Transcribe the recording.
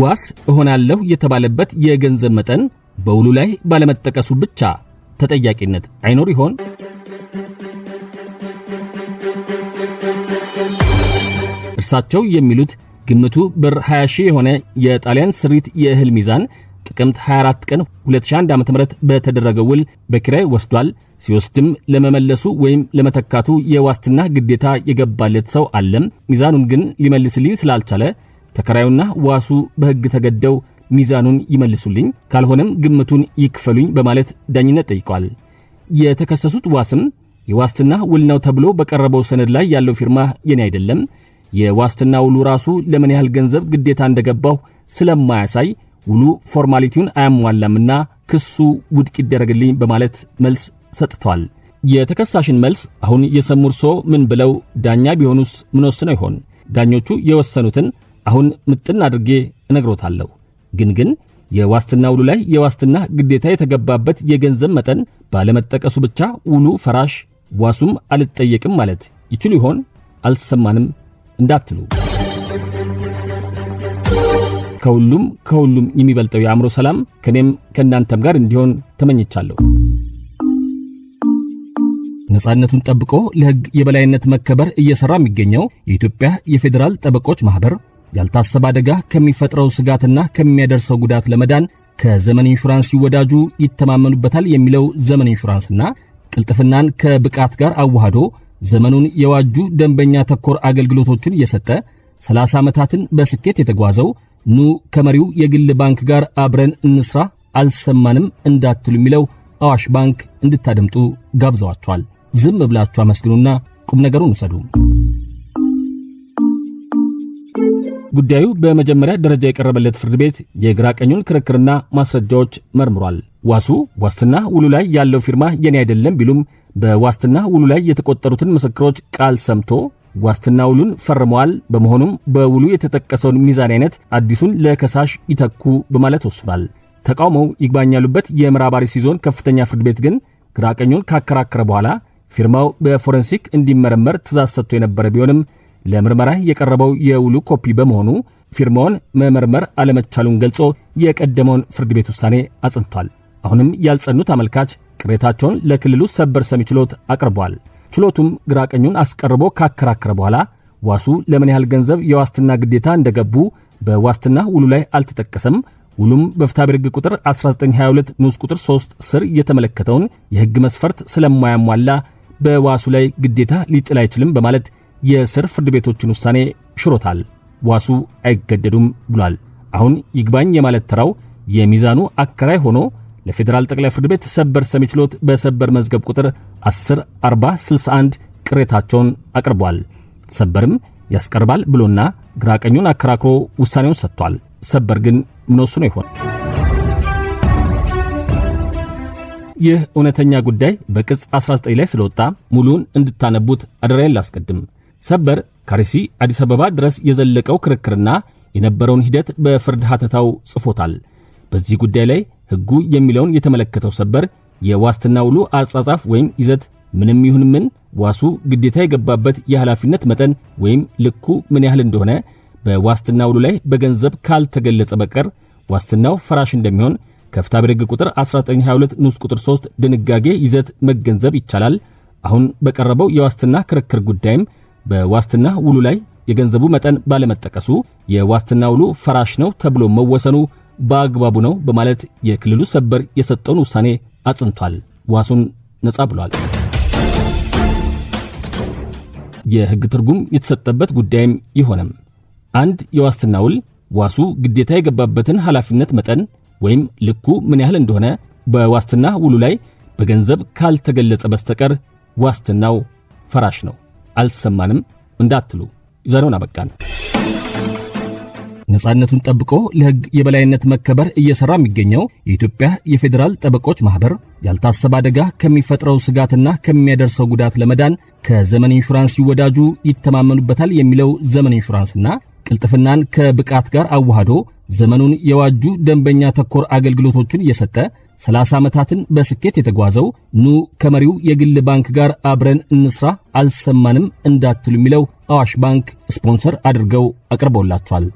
ዋስ እሆናለሁ የተባለበት የገንዘብ መጠን በውሉ ላይ ባለመጠቀሱ ብቻ ተጠያቂነት አይኖር ይሆን? እርሳቸው የሚሉት ግምቱ ብር 20 ሺህ የሆነ የጣሊያን ስሪት የእህል ሚዛን ጥቅምት 24 ቀን 2001 ዓ.ም በተደረገ ውል በኪራይ ወስዷል። ሲወስድም ለመመለሱ ወይም ለመተካቱ የዋስትና ግዴታ የገባለት ሰው አለም። ሚዛኑን ግን ሊመልስልኝ ስላልቻለ ተከራዩና ዋሱ በሕግ ተገደው ሚዛኑን ይመልሱልኝ፣ ካልሆነም ግምቱን ይክፈሉኝ በማለት ዳኝነት ጠይቋል። የተከሰሱት ዋስም የዋስትና ውል ነው ተብሎ በቀረበው ሰነድ ላይ ያለው ፊርማ የኔ አይደለም፣ የዋስትና ውሉ ራሱ ለምን ያህል ገንዘብ ግዴታ እንደገባሁ ስለማያሳይ ውሉ ፎርማሊቲውን አያሟላምና ክሱ ውድቅ ይደረግልኝ በማለት መልስ ሰጥቷል። የተከሳሽን መልስ አሁን የሰሙ እርሶ ምን ብለው ዳኛ ቢሆኑስ ምን ወስነው ይሆን? ዳኞቹ የወሰኑትን አሁን ምጥን አድርጌ እነግሮታለሁ። ግን ግን የዋስትና ውሉ ላይ የዋስትና ግዴታ የተገባበት የገንዘብ መጠን ባለመጠቀሱ ብቻ ውሉ ፈራሽ፣ ዋሱም አልጠየቅም ማለት ይችሉ ይሆን? አልሰማንም እንዳትሉ ከሁሉም ከሁሉም የሚበልጠው የአእምሮ ሰላም ከኔም ከእናንተም ጋር እንዲሆን ተመኝቻለሁ። ነፃነቱን ጠብቆ ለሕግ የበላይነት መከበር እየሰራ የሚገኘው የኢትዮጵያ የፌዴራል ጠበቆች ማኅበር ያልታሰበ አደጋ ከሚፈጥረው ስጋትና ከሚያደርሰው ጉዳት ለመዳን ከዘመን ኢንሹራንስ ሲወዳጁ ይተማመኑበታል የሚለው ዘመን ኢንሹራንስና ቅልጥፍናን ከብቃት ጋር አዋህዶ ዘመኑን የዋጁ ደንበኛ ተኮር አገልግሎቶችን እየሰጠ 30 ዓመታትን በስኬት የተጓዘው ኑ ከመሪው የግል ባንክ ጋር አብረን እንስራ አልሰማንም እንዳትሉ የሚለው አዋሽ ባንክ እንድታደምጡ ጋብዘዋቸዋል። ዝም ብላችሁ አመስግኑና ቁም ነገሩን ውሰዱ። ጉዳዩ በመጀመሪያ ደረጃ የቀረበለት ፍርድ ቤት የግራ ቀኙን ክርክርና ማስረጃዎች መርምሯል። ዋሱ ዋስትና ውሉ ላይ ያለው ፊርማ የኔ አይደለም ቢሉም በዋስትና ውሉ ላይ የተቆጠሩትን ምስክሮች ቃል ሰምቶ ዋስትና ውሉን ፈርመዋል። በመሆኑም በውሉ የተጠቀሰውን ሚዛን አይነት አዲሱን ለከሳሽ ይተኩ በማለት ወስኗል። ተቃውሞው ይግባኝ ያሉበት የምዕራብ አርሲ ዞን ከፍተኛ ፍርድ ቤት ግን ግራ ቀኙን ካከራከረ በኋላ ፊርማው በፎረንሲክ እንዲመረመር ትእዛዝ ሰጥቶ የነበረ ቢሆንም ለምርመራ የቀረበው የውሉ ኮፒ በመሆኑ ፊርማውን መመርመር አለመቻሉን ገልጾ የቀደመውን ፍርድ ቤት ውሳኔ አጽንቷል። አሁንም ያልጸኑት አመልካች ቅሬታቸውን ለክልሉ ሰበር ሰሚ ችሎት አቅርቧል። ችሎቱም ግራቀኙን አስቀርቦ ካከራከረ በኋላ ዋሱ ለምን ያህል ገንዘብ የዋስትና ግዴታ እንደገቡ በዋስትና ውሉ ላይ አልተጠቀሰም። ውሉም በፍትሐብሔር ሕግ ቁጥር 1922 ንዑስ ቁጥር 3 ስር የተመለከተውን የሕግ መስፈርት ስለማያሟላ በዋሱ ላይ ግዴታ ሊጥል አይችልም በማለት የስር ፍርድ ቤቶችን ውሳኔ ሽሮታል። ዋሱ አይገደዱም ብሏል። አሁን ይግባኝ የማለት ተራው የሚዛኑ አከራይ ሆኖ ለፌዴራል ጠቅላይ ፍርድ ቤት ሰበር ሰሚ ችሎት በሰበር መዝገብ ቁጥር 10 61 ቅሬታቸውን አቅርቧል። ሰበርም ያስቀርባል ብሎና ግራቀኙን አከራክሮ ውሳኔውን ሰጥቷል። ሰበር ግን ምን ወስኖ ይሆን? ይህ እውነተኛ ጉዳይ በቅጽ 19 ላይ ስለወጣ ሙሉን እንድታነቡት አደራዬን ላስቀድም። ሰበር ካሬሲ አዲስ አበባ ድረስ የዘለቀው ክርክርና የነበረውን ሂደት በፍርድ ሐተታው ጽፎታል። በዚህ ጉዳይ ላይ ሕጉ የሚለውን የተመለከተው ሰበር የዋስትና ውሉ አጻጻፍ ወይም ይዘት ምንም ይሁን ምን ዋሱ ግዴታ የገባበት የኃላፊነት መጠን ወይም ልኩ ምን ያህል እንደሆነ በዋስትና ውሉ ላይ በገንዘብ ካልተገለጸ በቀር ዋስትናው ፈራሽ እንደሚሆን ከፍታ ሕግ ቁጥር 1922 ንዑስ ቁጥር 3 ድንጋጌ ይዘት መገንዘብ ይቻላል። አሁን በቀረበው የዋስትና ክርክር ጉዳይም በዋስትና ውሉ ላይ የገንዘቡ መጠን ባለመጠቀሱ የዋስትና ውሉ ፈራሽ ነው ተብሎ መወሰኑ በአግባቡ ነው በማለት የክልሉ ሰበር የሰጠውን ውሳኔ አጽንቷል። ዋሱን ነጻ ብሏል። የሕግ ትርጉም የተሰጠበት ጉዳይም ይሆንም አንድ የዋስትና ውል ዋሱ ግዴታ የገባበትን ኃላፊነት መጠን ወይም ልኩ ምን ያህል እንደሆነ በዋስትና ውሉ ላይ በገንዘብ ካልተገለጸ በስተቀር ዋስትናው ፈራሽ ነው። አልሰማንም እንዳትሉ ይዘነውን አበቃን። ነጻነቱን ጠብቆ ለሕግ የበላይነት መከበር እየሰራ የሚገኘው የኢትዮጵያ የፌዴራል ጠበቆች ማህበር ያልታሰበ አደጋ ከሚፈጥረው ስጋትና ከሚያደርሰው ጉዳት ለመዳን ከዘመን ኢንሹራንስ ይወዳጁ፣ ይተማመኑበታል የሚለው ዘመን ኢንሹራንስና ቅልጥፍናን ከብቃት ጋር አዋህዶ ዘመኑን የዋጁ ደንበኛ ተኮር አገልግሎቶችን እየሰጠ ሰላሳ ዓመታትን በስኬት የተጓዘው ኑ ከመሪው የግል ባንክ ጋር አብረን እንስራ አልሰማንም እንዳትሉ የሚለው አዋሽ ባንክ ስፖንሰር አድርገው አቅርቦላቸዋል።